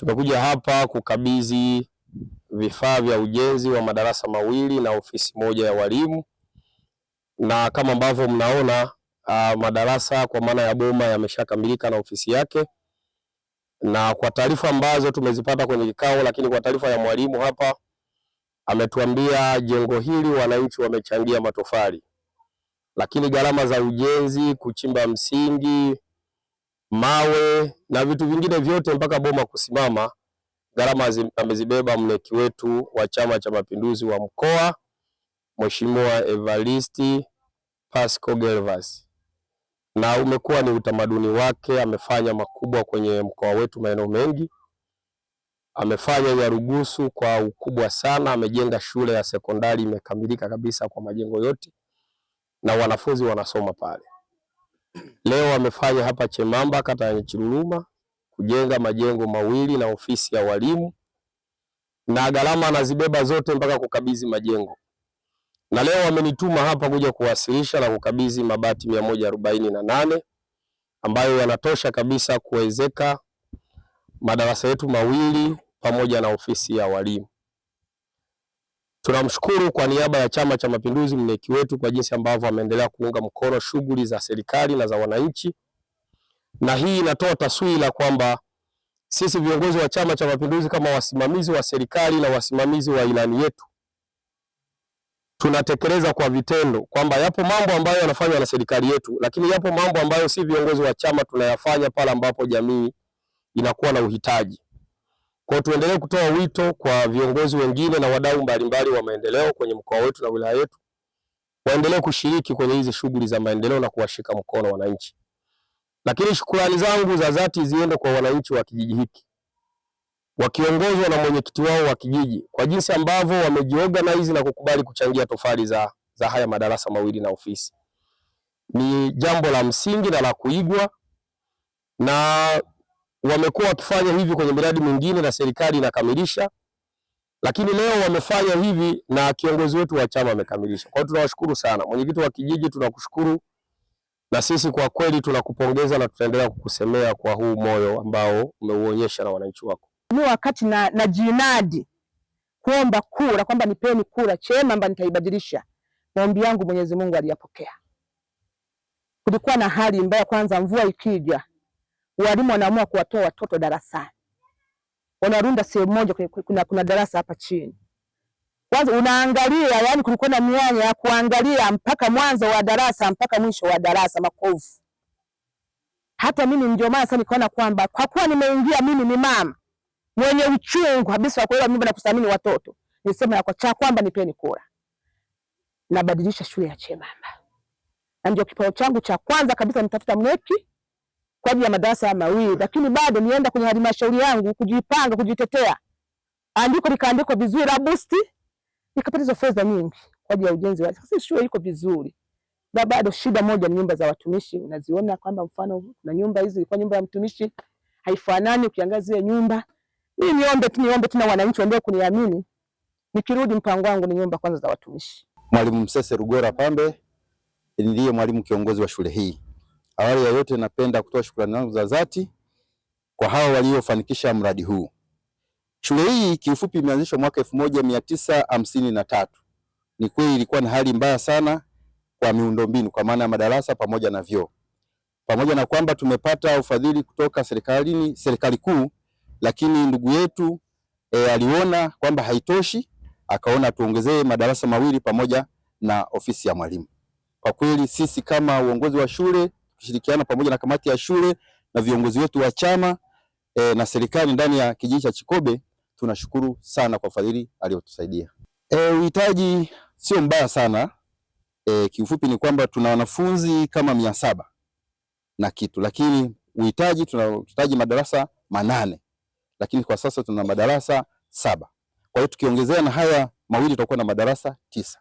Tumekuja hapa kukabidhi vifaa vya ujenzi wa madarasa mawili na ofisi moja ya walimu, na kama ambavyo mnaona a, ah, madarasa kwa maana ya boma yameshakamilika na ofisi yake, na kwa taarifa ambazo tumezipata kwenye kikao, lakini kwa taarifa ya mwalimu hapa ametuambia jengo hili wananchi wamechangia matofali, lakini gharama za ujenzi, kuchimba msingi mawe na vitu vingine vyote mpaka boma kusimama, gharama amezibeba mneki wetu wa Chama cha Mapinduzi wa mkoa Mheshimiwa Evaristi Pasco Gervas, na umekuwa ni utamaduni wake. Amefanya makubwa kwenye mkoa wetu, maeneo mengi amefanya Nyarugusu kwa ukubwa sana. Amejenga shule ya sekondari imekamilika kabisa kwa majengo yote na wanafunzi wanasoma pale. Leo wamefanya hapa Chemamba, kata ya Nyechiruruma, kujenga majengo mawili na ofisi ya walimu, na gharama anazibeba zote mpaka kukabidhi majengo, na leo wamenituma hapa kuja kuwasilisha na kukabidhi mabati mia moja arobaini na nane ambayo yanatosha kabisa kuwezeka madarasa yetu mawili pamoja na ofisi ya walimu. Tunamshukuru kwa niaba ya Chama cha Mapinduzi mneki wetu kwa jinsi ambavyo ameendelea kuunga mkono shughuli za serikali na za wananchi, na hii inatoa taswira kwamba sisi viongozi wa Chama cha Mapinduzi kama wasimamizi wa serikali na wasimamizi wa ilani yetu tunatekeleza kwa vitendo kwamba yapo mambo ambayo yanafanywa na serikali yetu, lakini yapo mambo ambayo si viongozi wa chama tunayafanya pale ambapo jamii inakuwa na uhitaji. Kwa tuendelee kutoa wito kwa viongozi wengine na wadau mbalimbali wa maendeleo kwenye mkoa wetu na wilaya yetu waendelee kushiriki kwenye hizi shughuli za maendeleo na kuwashika mkono wananchi. Lakini shukrani zangu za dhati ziende kwa wananchi wa kijiji hiki wakiongozwa na mwenyekiti wao wa kijiji kwa jinsi ambavyo wamejiorganize na kukubali kuchangia tofali za, za haya madarasa mawili na ofisi. Ni jambo la msingi na la kuigwa na wamekuwa wakifanya hivi kwenye miradi mingine na serikali inakamilisha, lakini leo wamefanya hivi na kiongozi wetu wa chama amekamilisha. Kwa hiyo tunawashukuru sana, mwenyekiti wa kijiji, tunakushukuru na sisi kwa kweli tunakupongeza na tutaendelea kukusemea kwa huu moyo ambao umeuonyesha na wananchi wako. Ni wakati na, na jinadi kuomba kura kwamba nipeni kura Chemamba nitaibadilisha. Maombi yangu Mwenyezi Mungu aliyapokea. Kulikuwa na hali mbaya, kwanza mvua ikija walimu wanaamua kuwatoa watoto darasani, wanarunda sehemu moja. Kuna, kuna darasa hapa chini kwanza unaangalia, yani kulikuwa na mianya ya kuangalia mpaka mwanzo wa darasa mpaka mwisho wa darasa, makovu. Hata mimi ndio maana sasa nikaona kwamba kwa kuwa nimeingia mimi ni mama mwenye uchungu kabisa, wa hiyo mimi na kusamini watoto, nisema ya kwa cha kwamba nipeni kura, nabadilisha shule ya Chemamba, na ndio kipao changu cha kwanza kabisa, nitafuta mneki kwa ajili ya madarasa ya mawili, lakini bado nienda kwenye halmashauri yangu kujipanga, kujitetea, andiko likaandikwa vizuri la boost, nikapata hizo fedha nyingi kwa ajili ya ujenzi wa Sasa shule iko vizuri, na bado shida moja ni nyumba za watumishi. Unaziona kwamba mfano na nyumba hizi, ilikuwa nyumba ya mtumishi haifanani, ukiangazia nyumba. Mimi niombe tu, niombe tu na wananchi waendelee kuniamini, nikirudi mpango wangu ni nyumba kwanza za watumishi. Mwalimu Msese Rugora Pambe ndiye mwalimu kiongozi wa shule hii. Awali ya yote, napenda kutoa shukrani zangu za dhati kwa hao waliofanikisha mradi huu. Shule hii kiufupi imeanzishwa mwaka elfu moja mia tisa hamsini na tatu. Ni kweli ilikuwa na hali mbaya sana kwa miundombinu kwa maana ya madarasa pamoja na vyoo. Pamoja na kwamba tumepata ufadhili kutoka serikalini, serikali kuu, lakini ndugu yetu e, aliona kwamba haitoshi, akaona tuongezee madarasa mawili pamoja na ofisi ya mwalimu. Kwa kweli sisi kama uongozi wa shule kushirikiana pamoja na kamati ya shule na viongozi wetu wa chama e, na serikali ndani ya kijiji cha Chikobe. Tunashukuru sana kwa fadhili aliyotusaidia. E, eh, uhitaji sio mbaya sana e, kiufupi ni kwamba tuna wanafunzi kama mia saba na kitu, lakini uhitaji tunahitaji madarasa manane, lakini kwa sasa tuna madarasa saba. Kwa hiyo tukiongezea na haya mawili tutakuwa na madarasa tisa.